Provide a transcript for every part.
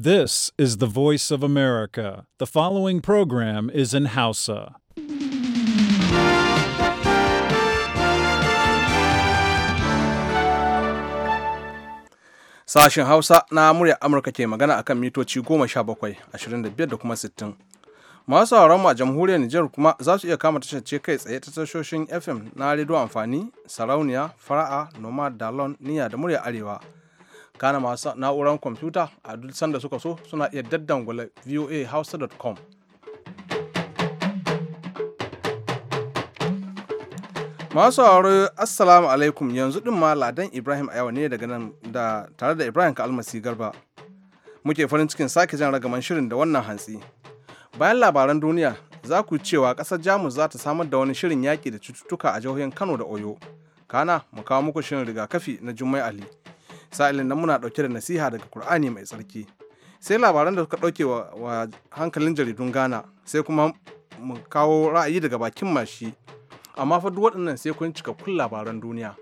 This is the voice of America. The following program is in Hausa. Sashen Hausa na murya Amurka ke magana akan mitoci goma sha 17, ashirin da kuma sittin Masu mu a jamhuriyar Nijar kuma za su iya kama tashar kai tsaye ta tashoshin FM na rediyo amfani, sarauniya, fara'a, nomad, dalon, niya da murya arewa. kana masu na'urar kwamfuta a duk sanda suka so suna iya daddangula hausa masu sauraro assalamu alaikum yanzu din ma ladan ibrahim a yau ne daga nan da tare da ibrahim ka almasi garba muke farin cikin sake jan ragaman shirin da wannan hantsi bayan labaran duniya za ku cewa ƙasar jamus za ta samar da wani shirin yaƙi da cututtuka a jihohin kano da oyo kana mu kawo muku shirin rigakafi na jummai ali sa'ilin nan muna ɗauke da nasiha daga Kur'ani mai tsarki. Sai labaran da suka ɗauke wa hankalin jaridun Ghana sai kuma mu kawo ra'ayi daga bakin mashi. Amma fa duk waɗannan sai kun cika kun labaran duniya.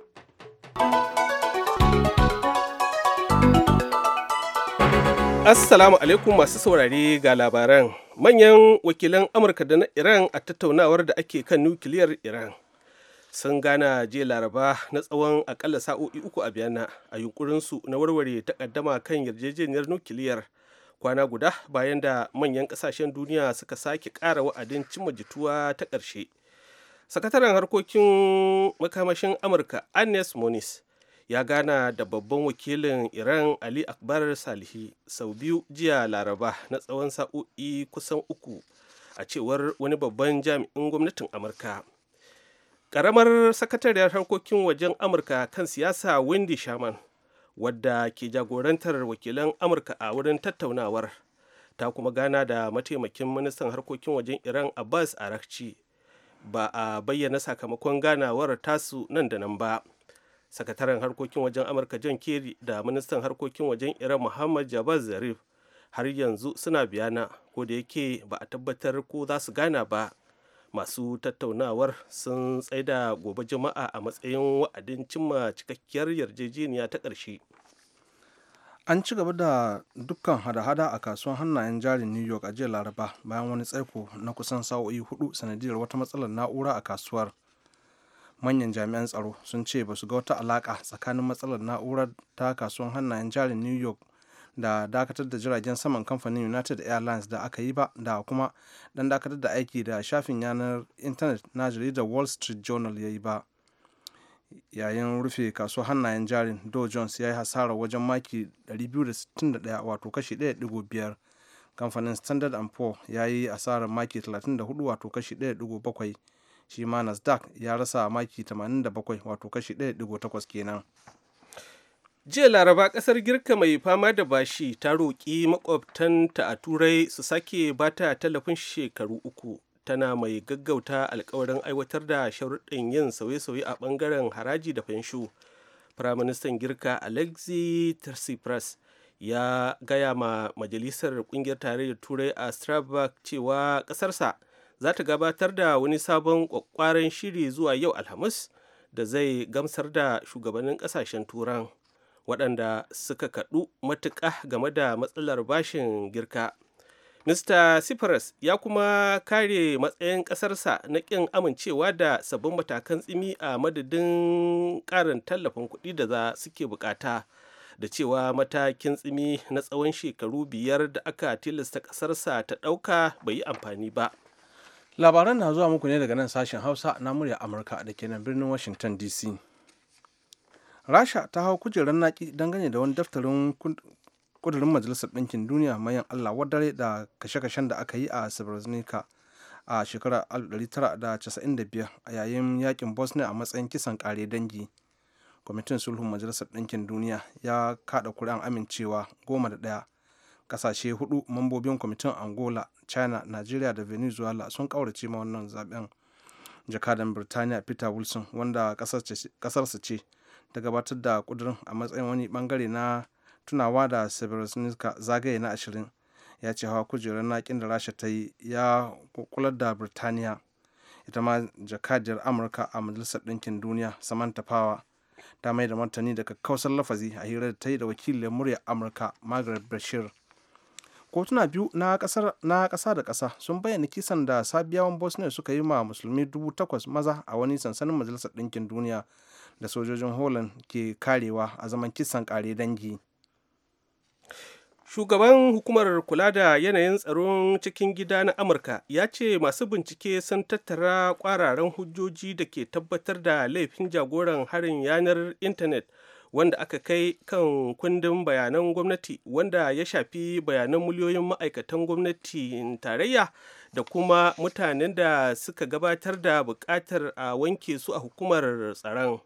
Assalamu alaikum masu saurare ga labaran. Manyan wakilan Amurka da na Iran a tattaunawar da ake kan nukiliyar Iran. sun gana jiya laraba na tsawon akalla sa'o'i uku a biyana a yunkurinsu na warware takaddama kan yarjejeniyar nukiliyar kwana guda bayan da manyan kasashen duniya suka sake ƙara wa'adin cimma jituwa ta ƙarshe sakataren harkokin makamashin amurka agnes moniz ya gana da babban wakilin iran ali akbar salihi sau biyu jiya laraba na tsawon sa'o'i kusan uku a cewar wani babban jami'in gwamnatin amurka karamar sakatariyar harkokin wajen Amurka kan siyasa Wendy Sherman, wadda ke jagorantar wakilan Amurka a wurin tattaunawar, ta kuma gana da mataimakin ministan harkokin wajen Iran Abbas Arakci. Ba a bayyana sakamakon ganawar tasu nan da nan ba. Sakataren harkokin wajen Amurka John Kerry da ministan harkokin wajen Iran Muhammad Jabaz Zarif har yanzu suna biyana ko da yake ba a tabbatar ko za su gana ba. masu tattaunawar sun tsaida gobe jama'a a matsayin wa'adin cimma cikakkiyar yarjejeniya ta ƙarshe an ci gaba da dukkan hada-hada a kasuwar hannayen jarin new york a jiya laraba bayan wani tsaiko na kusan sa'o'i hudu sanadiyar wata matsalar na'ura a kasuwar manyan jami'an tsaro sun ce ba su ga wata alaka tsakanin matsalar na'urar ta kasuwan hannayen jarin new york da dakatar da jiragen saman kamfanin united airlines da aka yi ba da kuma dan dakatar da aiki da shafin yanar intanet na jaridar wall street journal ya yi ba yayin rufe kasuwar hannayen jarin dow jones ya yi hasara wajen maki 261 wato kashi 1.5 kamfanin standard and poor ya yi asarar maki 34 wato kashi 1.7 shi ma nasdaq ya rasa maki 87 wato kashi 1.8 kenan jiya laraba kasar girka mai fama da bashi ta roƙi makwabtanta a turai su sake bata tallafin shekaru uku tana mai gaggauta alkawarin aiwatar da sharuɗin yin sauye-sauye a ɓangaren haraji da fenshu firaministan girka alexi tsipras ya gaya ma majalisar ƙungiyar tarayyar turai a strabag cewa ƙasarsa za ta gabatar da wani sabon ƙwaƙƙwaran shiri zuwa yau alhamis da zai gamsar da shugabannin ƙasashen turan waɗanda suka kaɗu matuƙa game da matsalar bashin girka mr cyprus ya kuma kare matsayin ƙasarsa na ƙin amincewa da sabbin matakan tsimi a madadin ƙarin tallafin kuɗi da za suke bukata da cewa matakin tsimi na tsawon shekaru biyar da aka tilasta ƙasarsa ta ɗauka bai yi amfani ba labaran na zuwa muku ne daga nan sashen hausa na murya amurka da ke birnin washington dc rasha ta hau kujerar naki dangane da wani daftarin kudurin majalisar ɗinkin duniya mayan allah wadare da kashe-kashen da aka yi a srebrenica a shekarar 1995 a yayin yakin bosnia a matsayin kisan kare dangi kwamitin sulhun majalisar ɗinkin duniya ya kada kuri'an amincewa goma da ɗaya kasashe hudu mambobin kwamitin angola china nigeria da venezuela sun ƙaurace ma wannan zaben jakadan birtaniya peter wilson wanda kasarsa ce da gabatar da kudurin a matsayin wani bangare na tunawa da severusnuka zagaye na ashirin ya ce hawa kujerar nakin da rasha ta yi ya kukular da birtaniya ita ma jakadiyar amurka a majalisar ɗinkin duniya samantha power ta mai da martani daga kausar lafazi a hirar da ta yi da wakilin muryar amurka margaret bashir kotuna biyu na ƙasa da kasa sun bayyana kisan da sabiyawan bosnia suka yi ma musulmi dubu takwas maza a wani sansanin majalisar ɗinkin duniya da sojojin holland ke karewa a zaman kisan kare dangi shugaban hukumar kula da yanayin tsaron cikin gida na amurka ya ce masu bincike sun tattara kwararan hujjoji da ke tabbatar da laifin jagoran harin yanar intanet wanda aka kai kan kundin bayanan gwamnati wanda ya shafi bayanan miliyoyin ma'aikatan gwamnati tarayya da kuma mutanen da suka gabatar da bukatar a wanke su a hukumar tsaron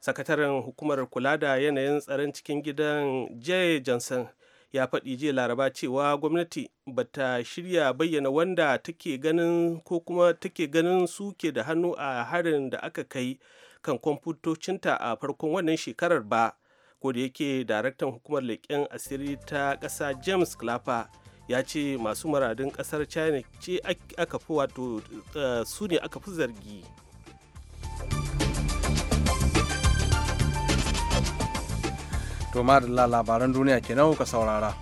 sakataren hukumar kula da yanayin tsaron cikin gidan jay johnson ya faɗi jiya laraba cewa gwamnati ba ta shirya bayyana wanda take ganin ko kuma take ganin suke da hannu a harin da aka kai kan kwamfutocinta a farkon wannan shekarar ba ko da yake daraktan hukumar leƙen asiri ta ƙasa james clapper ya ce masu maradin ƙasar china ce aka fi wato eh, su ne aka fi zargi to ma da labaran duniya kenan kuka saurara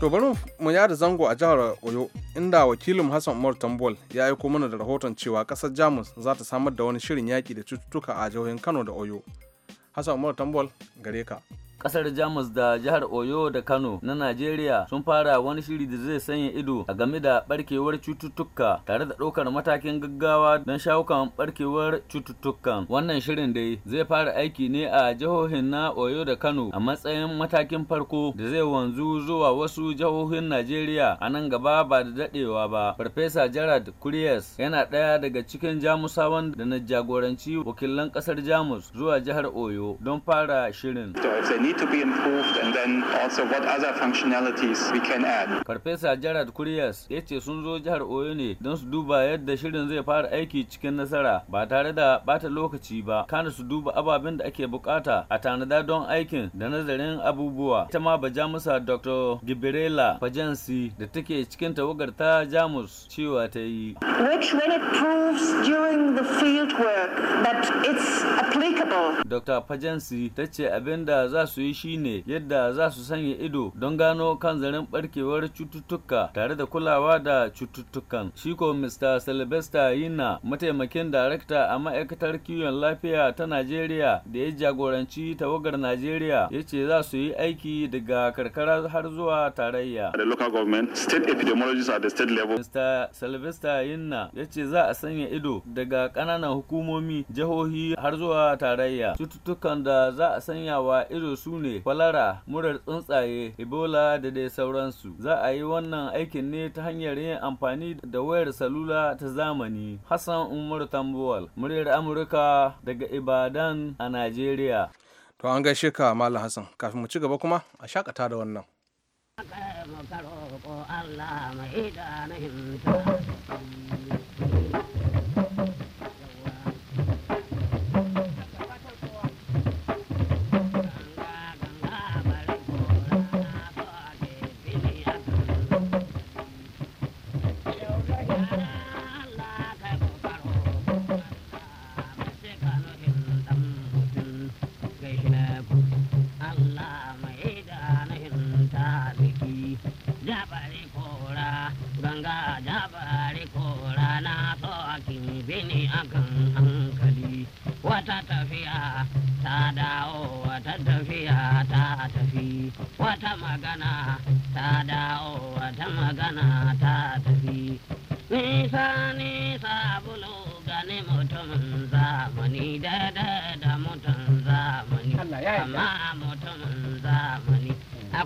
To bari mu yada zango a jihar Oyo inda wakilin Hassan Umar Tambol ya aiko mana da rahoton cewa kasar Jamus za ta samar da wani shirin yaki da cututtuka a jihohin Kano da Oyo. Hassan Umar Tambol gare ka. kasar jamus da jihar oyo da kano na najeriya sun fara wani shiri da zai sanya ido a game da barkewar cututtuka tare da ɗaukar matakin gaggawa don shawukan barkewar cututtukan wannan shirin dai zai fara aiki ne a jihohin na oyo da kano a matsayin matakin farko da zai wanzu zuwa wasu jihohin najeriya a nan gaba ba da daɗewa ba farfesa gerard kuriyas yana ɗaya daga cikin jamusawan da na jagoranci wakilan ƙasar jamus zuwa jihar oyo don fara shirin need to be improved and then also what other functionalities we can add. Farfesa Gerard Kuriyas ya ce sun zo jihar Oyo ne don su duba yadda shirin zai fara aiki cikin nasara ba tare da bata lokaci ba kana su duba ababen da ake bukata a tanada don aikin da nazarin abubuwa. Ita ma Jamusa Dr. Gibrela Fajensi da take cikin tawagar ta Jamus cewa ta yi. Which when it proves during the field work but it's applicable. Dr. Pajansi ta ce abin da za su yi shine yadda za su sanya ido don gano kan zarin barkewar cututtuka tare da kulawa da cututtukan. Shi ko Mr. Sylvester Yina mataimakin darakta a ma'aikatar kiwon lafiya ta Najeriya da ya jagoranci tawagar Najeriya ya ce za su yi aiki daga karkara har zuwa tarayya. The local government, state epidemiologists at the state level. Mr. Sylvester Yinna ya ce za a sanya ido daga kananan ƙananan hukumomi jihohi har zuwa tarayya cututtukan da za a sanya wa ido su ne kwalara murar tsuntsaye ebola da dai sauransu za a yi wannan aikin ne ta hanyar yin amfani da wayar salula ta zamani hassan umar tambuwal muryar amurka daga ibadan a najeriya to an gaishe ka malam hassan kafin mu ci gaba kuma a shakata da wannan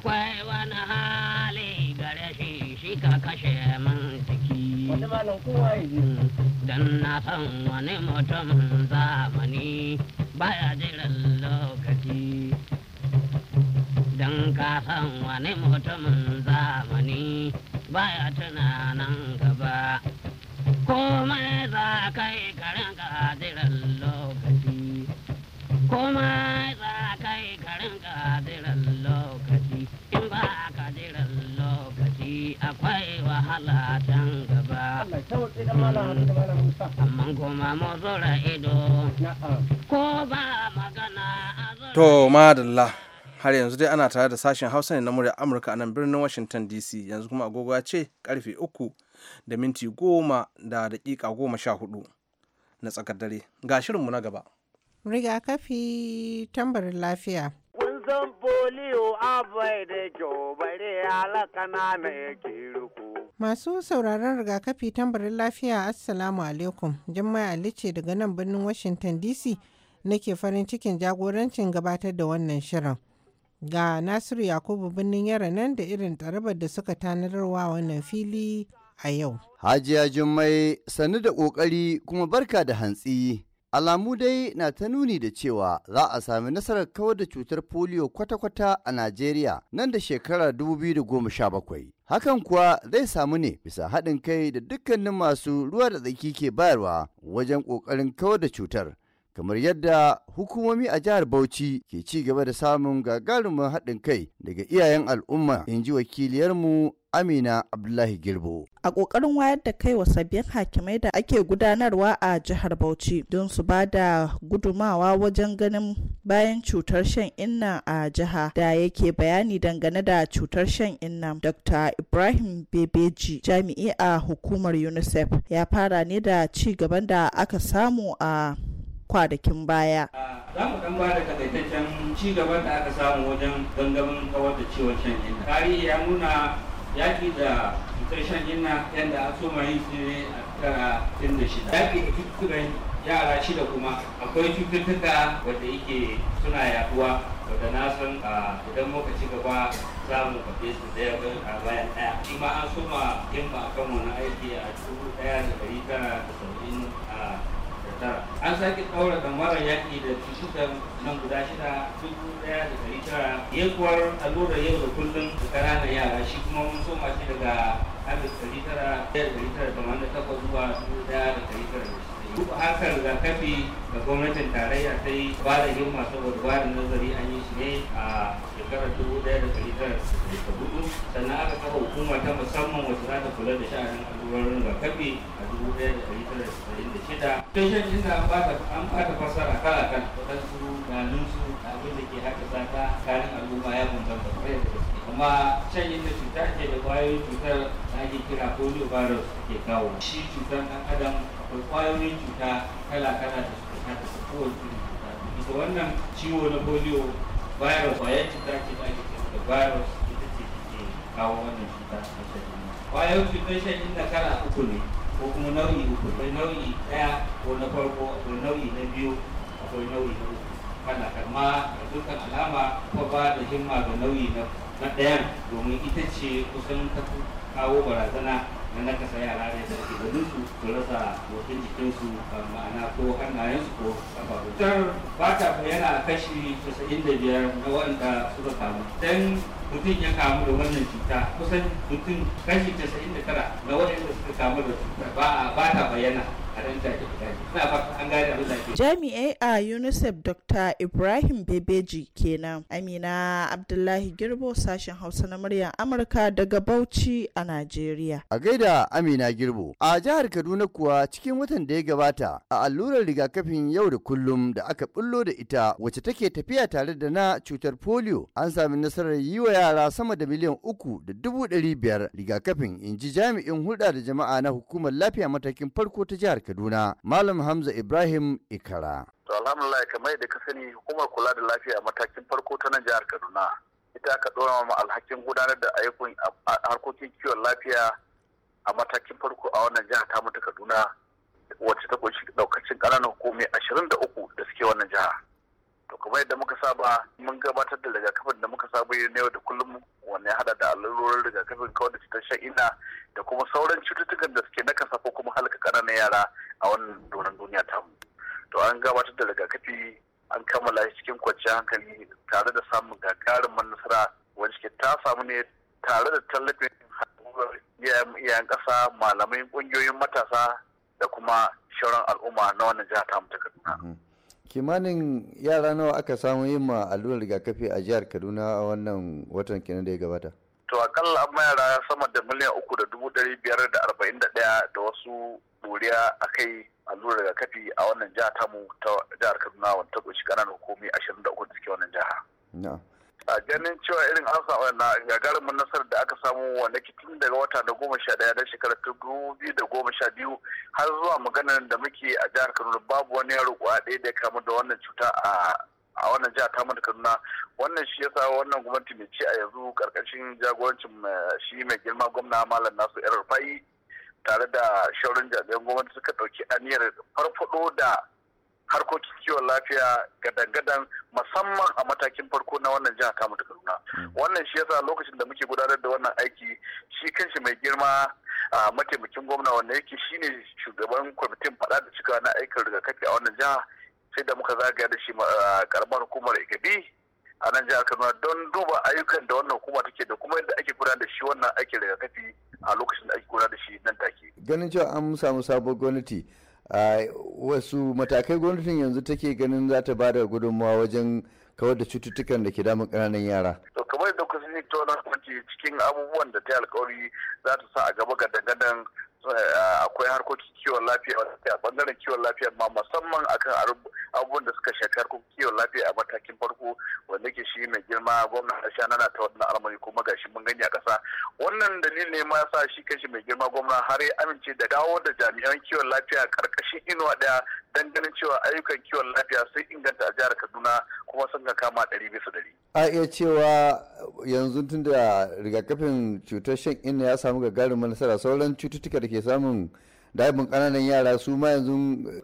akwai wani hali gare shi shi ka kashe min ciki dan na san wani zamani baya jiran lokaci dan ka san wani mutumin zamani baya tunanan gaba Kuma za kai karin jiran lokaci Kuma za kai karin jiran lokaci sauƙi da da malam to madalla har yanzu dai ana tare da sashen hausa ne na murya amurka a nan birnin washington dc yanzu kuma agogo ya ce karfe uku da minti goma da dakika goma sha hudu na tsakar dare ga shirinmu na gaba rigakafi tambarin lafiya kun foliyo abai da kyau bare alaka na yake ruku. Masu sauraron rigakafi tambarin lafiya Assalamu alaikum. Jummai Ali ce daga nan birnin Washington DC nake farin cikin jagorancin gabatar da wannan shirin. Ga Nasiru Yakubu birnin yara nan da irin tarabar da suka tanarwa wannan fili a yau. Hajiya Jummai sannu da ƙoƙari kuma barka da hantsi. Alamu dai na ta nuni da cewa za a sami nasarar kawar da cutar polio kwata-kwata a Najeriya nan da shekarar 2017. Hakan kuwa zai samu ne bisa haɗin kai da dukkanin masu ruwa da tsaki ke bayarwa wajen ƙoƙarin kawar da cutar. kamar yadda hukumomi a jihar Bauchi ke ci gaba da samun gagarumin haɗin kai daga iyayen al'umma in ji wakiliyarmu Amina Abdullahi Girbo. A ƙoƙarin wayar da kai wa sabbin hakimai da ake gudanarwa a jihar Bauchi don su ba da gudumawa wajen ganin bayan cutar shan inna a jiha da yake bayani dangane da cutar shan inna. Dr. Ibrahim Bebeji jami'i a hukumar UNICEF ya fara ne da ci gaban da aka samu a kwadakin baya. Za mu ba da takaitaccen ci gaba da aka samu wajen gangamin kawar da ciwon shan inna. Tarihi ya nuna yaki da cutar shan inna yadda a soma yin su ne a tara tun da shida. Yaki da cututtukan yara shida kuma akwai cututtuka wadda yake suna yaduwa wadda na san idan muka ci gaba samu faɗe su ɗaya a bayan ɗaya. Shi ma an soma yin ba akan wani aiki a dubu ɗaya da ɗari tara da saba'in an sake ɗaura ɗamarar yaƙi da cutukan nan guda shida dubu ɗaya da ɗari tara yankuwar allurar yau da kullum da ƙananan yara shi kuma mun soma shi daga alif ɗari tara ɗaya da ɗari tara tamanin da takwas zuwa dubu ɗaya da ɗari tara da hakan rigakafi da gwamnatin tarayya ta yi ba da himma saboda ba da nazari an yi shi ne a shekarar dubu ɗaya da ɗari tara da hudu sannan aka kafa hukuma ta musamman wacce za ta kula da sha'anin ga rigakafi a dubu ɗaya da ɗari tara da saba'in da shida. Tushen inda an bata an bata fasara kala kan waɗansu da abin da ke haɗa zaka karin al'umma ya bambanta kwarai da gaske. kuma can inda cuta ke da kwayoyin cutar da ake kira polio virus ke kawo shi akwai cuta kala-kala da suka cuta wannan ciwo na virus ce ake kira virus ke kawo wannan cuta kala uku ne ko kuma nau'i uku nau'i ɗaya ko na farko ko nau'i na biyu akwai nau'i na uku kama da dukkan alama ko ba himma ga nau'i na na ɗayan domin ita ce kusan ta kawo barazana na nakasa yara da da ke ganin su su rasa motsin jikinsu ma'ana ko hannayensu ko ba ta fata yana kashi 95 na waɗanda suka kamu. Dan mutum ya kamu da wannan cuta kusan mutum kashi 99 na waɗanda suka kamu da cuta ba ta bayyana. Jami'ai a UNICEF Dr. Ibrahim Bebeji kenan Amina Abdullahi Girbo sashen Hausa na muryar Amurka daga Bauchi a Najeriya. A gaida Amina Girbo, a jihar Kaduna kuwa cikin watan da ya gabata a allurar rigakafin yau da kullum da aka bullo da ita wacce take tafiya tare da na cutar polio an sami nasarar yi wa yara sama da miliyan uku da dubu ɗari biyar rigakafin in ji jami'in hulɗa da jama'a na hukumar lafiya matakin farko ta jihar Kaduna Malam Hamza Ibrahim Ikara. To alhamdulillah kamar yadda ka sani hukumar kula da lafiya a matakin farko ta nan jihar Kaduna ita ka ɗora ma alhakin gudanar da ayyukan harkokin kiwon lafiya a matakin farko a wannan jihar ta mutu Kaduna wacce ta ƙunshi ɗaukacin ƙananan hukumi ashirin da uku da suke wannan jihar. kamar yadda muka saba mun gabatar da rigakafin da muka saba yi na yau da kullum wanne hada da allurorin rigakafin kawai da cutar sha'ina da kuma sauran cututtukan da suke nakasa ko kuma halka ƙananan yara a wannan doron duniya tamu to an gabatar da rigakafi an kammala shi cikin kwanciyar hankali tare da samun manasara nasara wacce ta samu ne tare da tallafin iyayen ƙasa malamai ƙungiyoyin matasa da kuma shauran al'umma na wannan jiha ta ta kaduna. Mm-hmm. kimanin yara nawa aka samu yin ma allurar rigakafi a jihar kaduna a wannan watan kenan da ya gabata to akalla an yara sama da miliyan uku da dubu dari biyar da arba'in da ɗaya da wasu ɗoriya a kai allurar rigakafi a wannan jiha tamu ta jihar kaduna wanda ta ƙunshi ƙananan hukumi ashirin da uku da suke wannan jiha a ganin cewa irin an samu na gagarumin nasarar da aka samu wanda tun daga wata da goma sha daya na shekarar ta biyu da goma sha biyu har zuwa maganar da muke a jihar kaduna babu wani yaro kwa ɗaya da ya kamu da wannan cuta a wannan jiha ta da kaduna wannan shi yasa wannan gwamnati mai ci a yanzu karkashin jagorancin shi mai girma gwamna malam nasu yar rufai tare da shaurin jami'an gwamnati suka ɗauki aniyar farfaɗo da harkokin kiwon lafiya gadan-gadan musamman a matakin farko na wannan jiha tamu da kaduna hmm. wannan shi yasa lokacin da muke gudanar da wannan aiki shi kanshi mai girma a mataimakin gwamna wanda yake shine shugaban kwamitin faɗa da cika na aikin rigakafi a wannan jiha sai da muka zagaya da shi karamar hukumar igabi a nan jihar kaduna don duba ayyukan da wannan hukuma take da kuma yadda ake gudanar da shi wannan aikin rigakafi a lokacin da ake gudanar da shi nan take ganin cewa an samu sabon gwamnati wasu matakai gwamnatin yanzu take ganin za ta bada gudunmawa wajen kawar da cututtukan da ke damun ƙananan yara. To kamar da kusa ne tona cikin abubuwan da ta alkawari za ta sa a gaba ga dangadan Eh, akwai harkokin kiwon lafiya a bangaren kiwon lafiya ma musamman akan abubuwan da suka shafi harkokin kiwon lafiya a matakin farko wanda ke shi mai girma gwamna harshe nana ta wannan al'amari kuma gashi mun gani a kasa wannan dalilin ne ma sa shi kashi mai girma gwamna har ya amince da dawo da jami'an kiwon lafiya karkashin inuwa daya dan ganin cewa ayyukan kiwon lafiya sun inganta a jihar Kaduna kuma sun ga kama ɗari su ɗari. A iya cewa yanzu tun da rigakafin cutar shan ina ya samu gagarumin nasara sauran cututtuka da ke samun daibin kananan yara su ma yanzu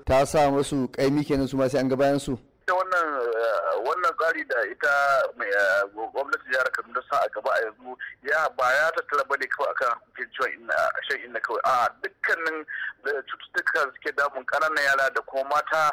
ta sa masu kaimi kenan su ma sai an ga bayan su wannan eh, wannan tsari da ita mai eh, gwamnati jihar kaduna sa a gaba a yanzu ya ba ya tattara ba ne kawai akan hukuncin ciwon shan inna kawai a dukkanin eh, cututtuka suke damun kananan yara da kuma mata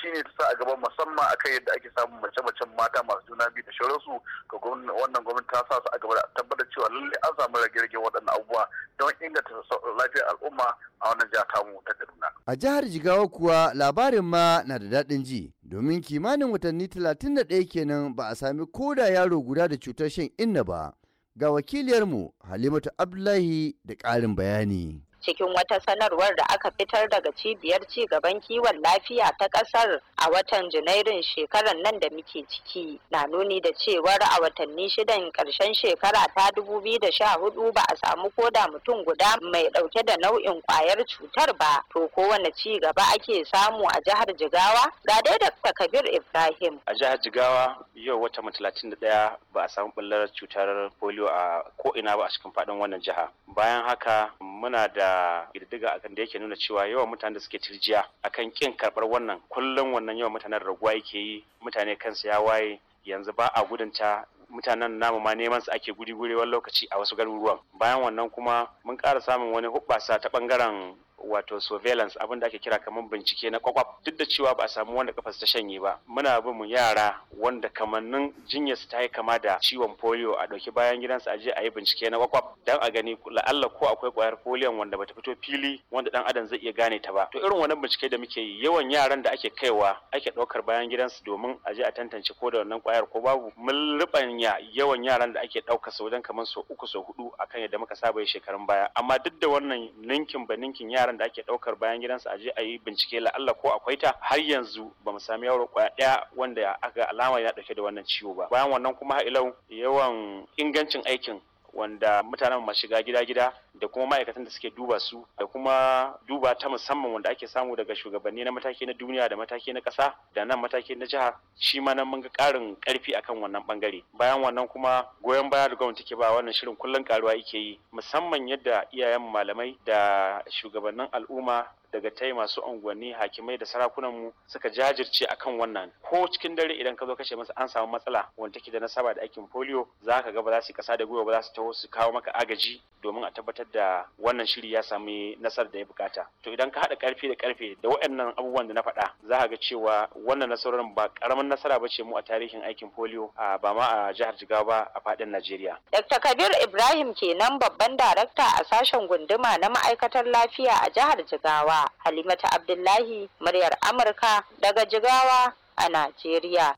shine ta sa a gaban musamman akan yadda ake samun mace-macen mata masu juna biyu da shauransu ga wannan gwamnati ta sa su a gaba da tabbatar cewa lalle an samu rage-rage waɗannan abubuwa don inganta lafiyar al'umma a wannan jiha tamu ta Kaduna. A jihar Jigawa kuwa labarin ma na da daɗin ji domin kimanin watanni 31 kenan ba a sami koda yaro guda da cutar shan inna ba. Ga wakiliyarmu Halimatu Abdullahi da ƙarin bayani. cikin wata sanarwar da aka fitar daga cibiyar cigaban kiwon lafiya ta kasar a watan janairun shekarar nan da muke ciki na nuni da cewar a watanni shidan karshen shekara ta 2014 ba a samu koda mutum guda mai dauke da nau'in kwayar cutar ba to kowane cigaba ake samu a jihar jigawa ga dai da kabir ibrahim a jihar jigawa yau wata 31 ba a samu bullar cutar polio a ko ba a cikin faɗin wannan jiha bayan haka muna da da girdiga akan da yake nuna cewa yawan mutanen da suke tirjiya akan kin karɓar wannan kullum wannan yawan mutanen raguwa yake yi mutane kansu ya waye yanzu ba a gudunta mutanen namu ma neman su ake guri guri wani lokaci a wasu garuruwan bayan wannan kuma mun ƙara samun wani hubbasa ta ɓangaren. wato surveillance abin da ake kira kamar bincike na kwakwaf duk da cewa ba a samu wanda kafas ta shanye ba muna bin mu yara wanda kamannin jinyarsu ta yi kama da ciwon polio a ɗauki bayan gidansu a je a yi bincike na kwakwaf dan a gani la'alla ko akwai kwayar polio wanda bata fito fili wanda dan adam zai iya gane ta ba to irin wannan bincike da muke yi yawan yaran da ake kaiwa ake ɗaukar bayan gidansu domin a je a tantance ko da wannan kwayar ko babu mun ribanya yawan yaran da ake ɗauka sau wajen kamar sau uku sau hudu akan yadda muka saba shekarun baya amma duk da wannan ninkin ba ninkin yaran waɗanda ake ɗaukar bayan gidansa a je a yi bincike la'alla ko akwai ta har yanzu ba mu sami yaro kwaya ɗaya wanda aka alama ya ɗauke da wannan ciwo ba bayan wannan kuma ha'ilau yawan ingancin aikin wanda mutanen masu shiga gida-gida da kuma ma'aikatan da suke duba su da kuma duba ta musamman wanda ake samu daga shugabanni na mataki na duniya da mataki na ƙasa da nan mataki na jiha shi ma nan mun ga ƙarin ƙarfi akan wannan bangare bayan wannan kuma goyon baya da gwamnati ke ba wannan shirin kullum karuwa yake yi musamman yadda iyayen malamai da shugabannin al'umma daga tai masu unguwanni hakimai da sarakunan mu suka jajirce akan wannan ko cikin dare idan ka zo kashe masa an samu matsala wanda take da nasaba da aikin polio za ka ga ba za su kasa da gwiwa ba za su taho su kawo maka agaji domin a tabbatar da wannan shiri ya sami nasarar da ya bukata to idan ka haɗa karfi da karfe da waɗannan abubuwan da na faɗa za ka ga cewa wannan nasarorin ba karamin nasara ba ce mu a tarihin aikin polio a ba ma a jihar Jigawa ba a faɗin Najeriya. Dr. Kabir Ibrahim kenan babban darakta a sashen gunduma na ma'aikatar lafiya a jihar Jigawa. Halimatu Abdullahi muryar Amurka daga Jigawa a Najeriya.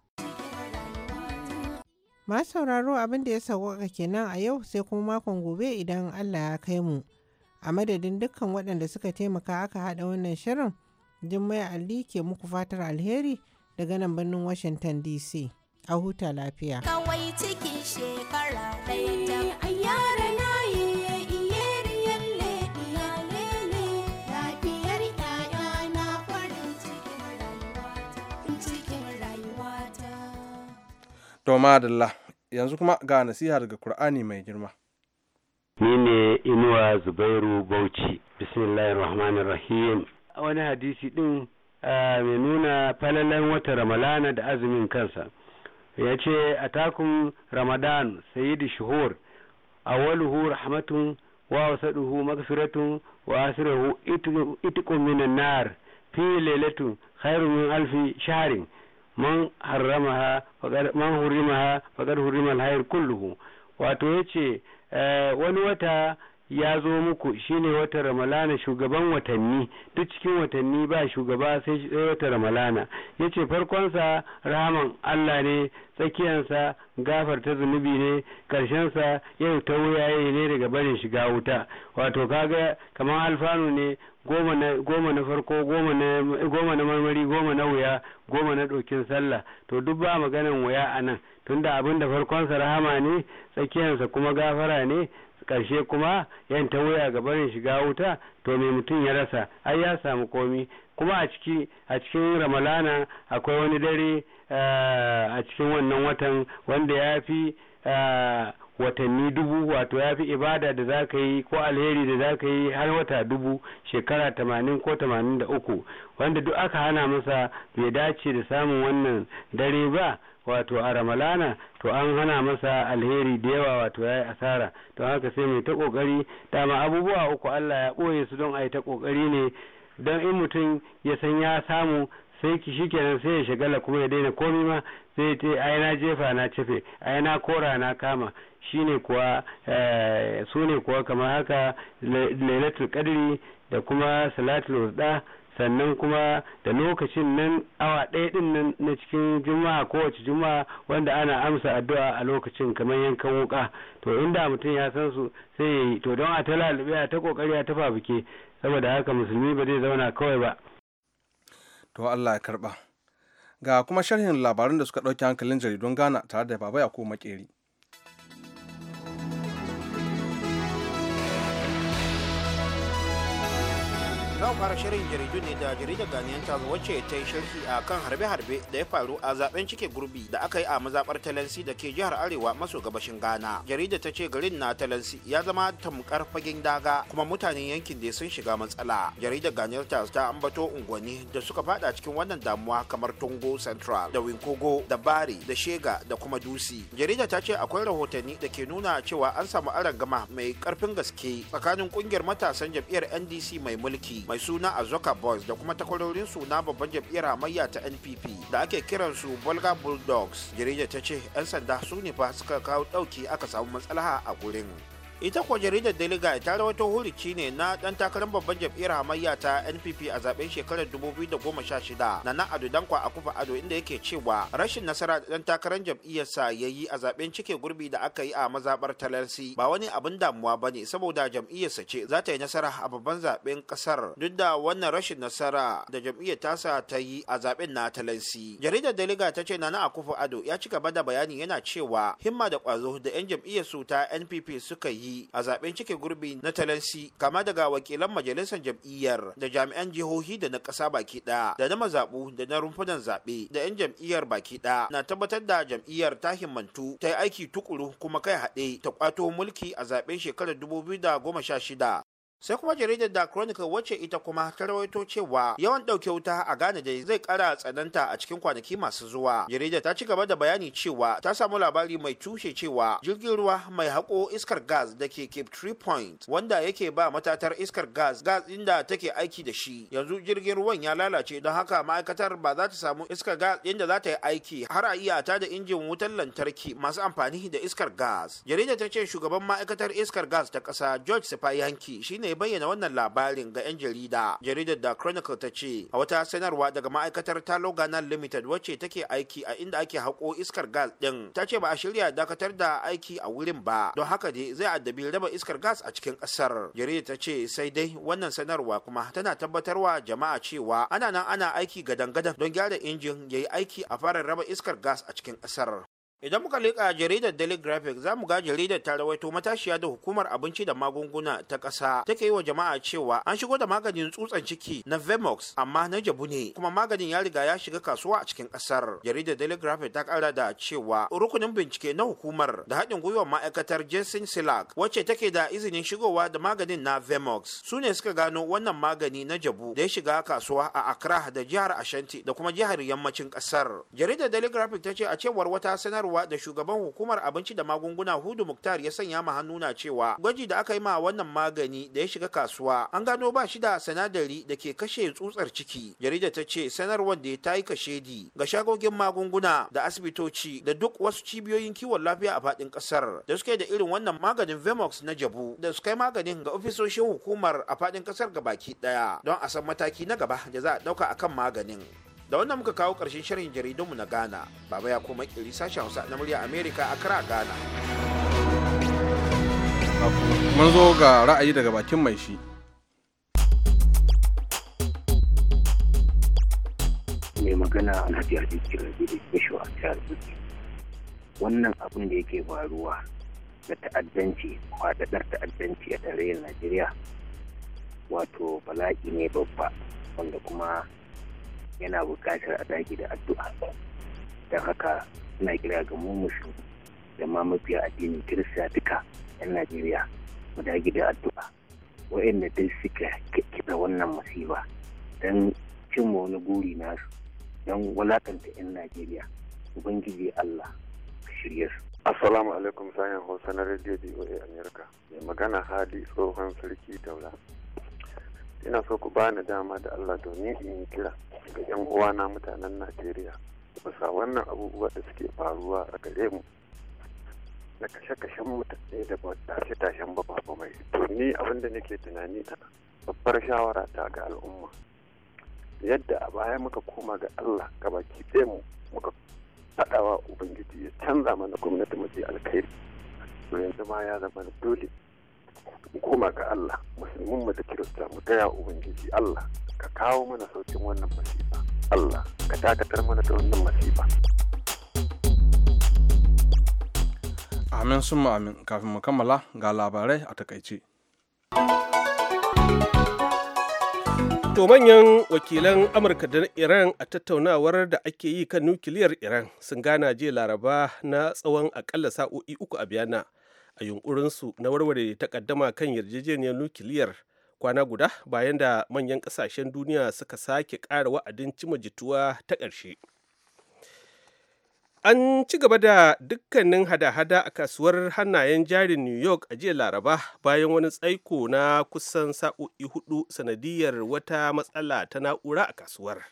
Ma sauraro abin da ya sauwaka kenan a yau sai kuma makon gobe idan Allah ya kai mu. A madadin dukkan waɗanda suka taimaka aka haɗa wannan shirin, Jummai Ali ke muku fatar alheri daga nan birnin Washington DC. A huta lafiya. Kawai cikin shekara ɗaya. To madalla yanzu kuma ga nasiha daga Kur'ani mai girma. Ni ne Inuwa Zubairu Bauchi, Bismillahir Rahmanir Rahim. Wani hadisi ɗin mai nuna falalan wata Ramalana da azumin kansa. Ya ce, a takun Ramadan, Sayyidi Shuhur, awaluhu rahmatun wa wasaduhu magfiratun wa asiruhu itikun minan nar fi lailatun khairun min alfi sharin man harramaha faqad man hurimaha faqad hurima al kulluhu wato yace eh, wani wata ya zo muku shine wata ramalana shugaban watanni duk cikin watanni ba shugaba sai wata ramalana ya ce farkonsa rahaman Allah ne tsakiyansa gafarta zunubi ne karshensa yau ta wuyaye ne daga barin shiga wuta wato kaga kamar alfanu ne goma na farko goma na marmari goma na wuya goma na ɗokin sallah to duk ba maganan wuya a nan tunda abin da farkonsa rahama ne tsakiyansa kuma gafara ne karshe kuma yan ta wuya ga shiga wuta to me mutum ya rasa ai ya samu komi kuma a ciki a cikin ramalana akwai wani dare eh, a cikin wannan watan wanda ya fi eh, watanni dubu wato ya fi ibada da za ka yi ko alheri da za ka yi har wata dubu shekara tamanin ko tamanin da uku wanda duk aka hana masa bai dace da samun wannan dare ba wato a ramalana to an hana masa alheri da yawa wato ya yi asara to haka sai mai ta kokari dama abubuwa uku Allah ya ɓoye su don a yi ta kokari ne don in mutum ya san ya samu sai ki kenan sai ya shagala kuma ya daina komi ma sai ce ai na jefa na cefe ai na kora na kama shine kuwa eh, su ne kuwa kamar haka lailatul qadri da kuma salatul wusta sannan kuma da lokacin nan awa ɗaya ɗin nan na cikin juma'a kowace juma'a wanda ana amsa addu'a a lokacin kamar yankan wuka to inda mutum ya san su sai ya yi to don a ta a ta kokari a ta fafuke saboda haka musulmi ba zai zauna kawai ba to Allah ya karɓa ga kuma sharhin labaran da suka ɗauki hankalin jaridun Ghana tare da baba ko Makeri za fara shirin jaridu ne da jaridar ganiyan ta wacce ta yi sharhi a kan harbe-harbe da ya faru a zaben cike gurbi da aka yi a mazaɓar talansi da ke jihar arewa maso gabashin ghana jarida ta ce garin na talansi ya zama tamkar fagen daga kuma mutanen yankin da sun shiga matsala jaridar ganiyar ta ta ambato unguwanni da suka fada cikin wannan damuwa kamar tongo central da winkogo da bari da shega da kuma dusi jarida ta ce akwai rahotanni da ke nuna cewa an samu arangama mai karfin gaske tsakanin kungiyar matasan jam'iyyar ndc mai mulki mai suna azoka boys da kuma takwarorin suna babban jam'iyyar hamayya ta npp da ake kiran su Bolga bulldogs jarida ta ce 'yan sanda su ne fa suka kawo ɗauki aka samu matsalaha a gurin ita kuwa jaridar daily guide ta rawaito hulici ne na dan takarar babban jam'iyyar hamayya ta npp a zaben shekarar 2016 na na ado dankwa a kufa ado inda yake cewa rashin nasara da dan takarar jam'iyyarsa ya yi a zaben cike gurbi da aka yi a mazabar talarsi ba wani abin damuwa ba ne saboda jam'iyyarsa ce za ta yi nasara a babban zaben kasar duk da wannan rashin nasara da jam'iyyar tasa ta yi a zaben na talarsi jaridar daily ta ce na na akufa ado ya ci gaba da bayani yana cewa himma da kwazo da 'yan jam'iyyarsu ta npp suka yi a zaben cike gurbi na talansi kama daga wakilan majalisar jam'iyyar da jami'an jihohi da na ƙasa baki ɗaya da na mazaɓu da na rumfunan zaɓe da 'yan jam'iyyar baki ɗaya na tabbatar da jam'iyyar ta himmantu ta yi aiki tukuru kuma kai haɗe ta kwato mulki a zaben shekarar 2016 sai kuma jaridar da chronicle wacce ita kuma ta rawaito cewa yawan ɗauke wuta a ghana da zai kara tsananta a cikin kwanaki masu zuwa jaridar ta ci gaba da bayani cewa ta samu labari mai tushe cewa jirgin ruwa mai hako iskar gas da ke cape tree point wanda yake ba matatar iskar gas gas inda take aiki da shi yanzu jirgin ruwan ya lalace don haka ma'aikatar ba za ta samu iskar gas inda za ta yi aiki har a iya ta da injin wutar lantarki masu amfani da iskar gas jaridar ta ce shugaban ma'aikatar iskar gas ta ƙasa george sipayanki shine ya bayyana wannan labarin ga 'yan jarida jaridar da chronicle ta ce a wata sanarwa daga ma'aikatar Talogana limited wacce take aiki a inda ake hako iskar gas din? ta ce ba a shirya dakatar da aiki a wurin ba don haka dai zai addabi raba iskar gas a cikin ƙasar jaridar ta ce sai dai wannan sanarwa kuma tana tabbatarwa jama'a cewa ana nan ana aiki gadan-gadan don gyara injin ya yi aiki a fara raba iskar gas a cikin ƙasar Idan muka leƙa jaridar Daily Graphic za mu ga jaridar ta rawaito matashiya da hukumar abinci da magunguna ta ƙasa take yi wa jama'a cewa an shigo da maganin tsutsan ciki na Vemox amma na jabu ne kuma maganin ya riga ya shiga kasuwa a cikin ƙasar. Jaridar Daily Graphic ta ƙara da cewa rukunin bincike na hukumar da haɗin gwiwar ma'aikatar Jason Silak wacce take da izinin shigowa da maganin na Vemox su ne suka gano wannan magani na jabu da ya shiga kasuwa a Accra da jihar Ashanti da kuma jihar yammacin ƙasar. Jaridar Daily Graphic ta ce a cewar wata sanarwa sadarwa da shugaban hukumar abinci da magunguna hudu muktar ya sanya ma hannu cewa gwaji da aka yi ma wannan magani da ya shiga kasuwa an gano ba shi da sanadari da ke kashe tsutsar ciki jarida ta ce sanarwar da ta yi kashedi ga shagogin magunguna da asibitoci da duk wasu cibiyoyin kiwon lafiya a faɗin ƙasar da suke da irin wannan maganin vemox na jabu da su kai maganin ga ofisoshin hukumar a faɗin ƙasar baki ɗaya don a san mataki na gaba da za a ɗauka akan maganin. da wannan muka kawo ƙarshen shirin jaridunmu na ghana baba ya koma Kiri sashen hausa na murya america a kara ghana mun zo ga ra'ayi daga bakin mai shi mai magana alhaji alhaji rabi da ke a wannan abin da yake faruwa da ta'addanci kwadaɗar ta'addanci a tarayyar najeriya wato bala'i ne babba wanda kuma yana bukatar a dage da addu'a da haka ina kira ga mu musu da ma mafiya addini kirista duka 'yan najeriya mu dage da addu'a wa'anda duk suka kiɗa wannan masifa don cimma wani guri nasu don walakanta 'yan najeriya ubangiji allah shirya su assalamu alaikum sayan hausa na radio voa america mai magana hadi tsohon sarki daula ina so ku bani dama da allah domin in kira ga 'yan na mutanen najeriya bisa wannan abubuwa da suke faruwa a gare mu na kashe-kashen mutane da ba tashe-tashen ba babu mai to ni abinda nake tunani a babbar shawara ta ga al'umma yadda a baya muka koma ga allah ka ɗaya mu muka faɗawa ubangiji ya canza mana gwamnati mace alkhairi to yanzu ma ya zama dole mu koma ga Allah musulmin mu da kirista mu taya ubangiji Allah ka kawo mana saukin wannan masifa Allah ka dakatar mana da wannan masifa amin sun amin kafin mu kammala ga labarai a takaice To manyan wakilan Amurka da Iran a tattaunawar da ake yi kan nukiliyar Iran sun gana jiya laraba na tsawon akalla sa'o'i uku a biyana a yunkurinsu na warware takaddama kan yarjejeniyar nukiliyar kwana guda bayan da manyan kasashen duniya suka sake ƙara wa'adin cima jituwa ta ƙarshe an ci gaba da dukkanin hada-hada a kasuwar hannayen jarin new york a jiya laraba bayan wani tsaiko na kusan sa'o'i hudu sanadiyar wata matsala ta na'ura a kasuwar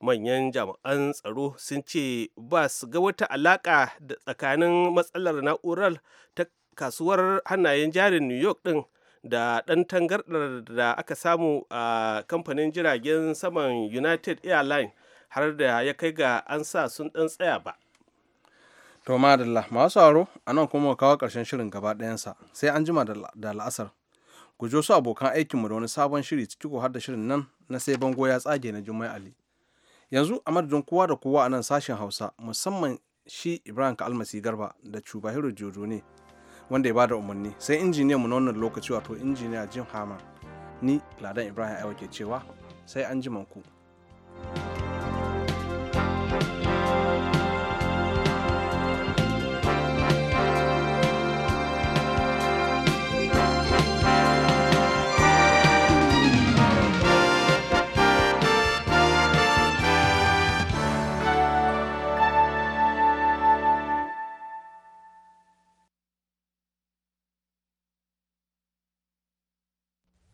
manyan jami'an tsaro sun ce ba su ga wata alaƙa da tsakanin matsalar na'urar ta kasuwar hannayen jarin new york din da ɗan tangardar da aka samu a kamfanin jiragen saman united airlines har da ya kai ga an sa sun ɗan tsaya ba to madalla masu aro a nan kuma kawo karshen shirin gaba ɗayansa sai an jima da la'asar guji su abokan aikinmu da wani sabon shiri ciki har da shirin nan na sai bango ya tsage na jummai ali yanzu a madadin kowa da kowa a nan sashen hausa musamman shi ibrahim ka almasi garba da cubahiru jojo ne wanda ya bada umarni sai injiniya mu na wannan lokaci wato injiniya jim hama ni ladan ibrahim aiwa ke cewa sai an ku.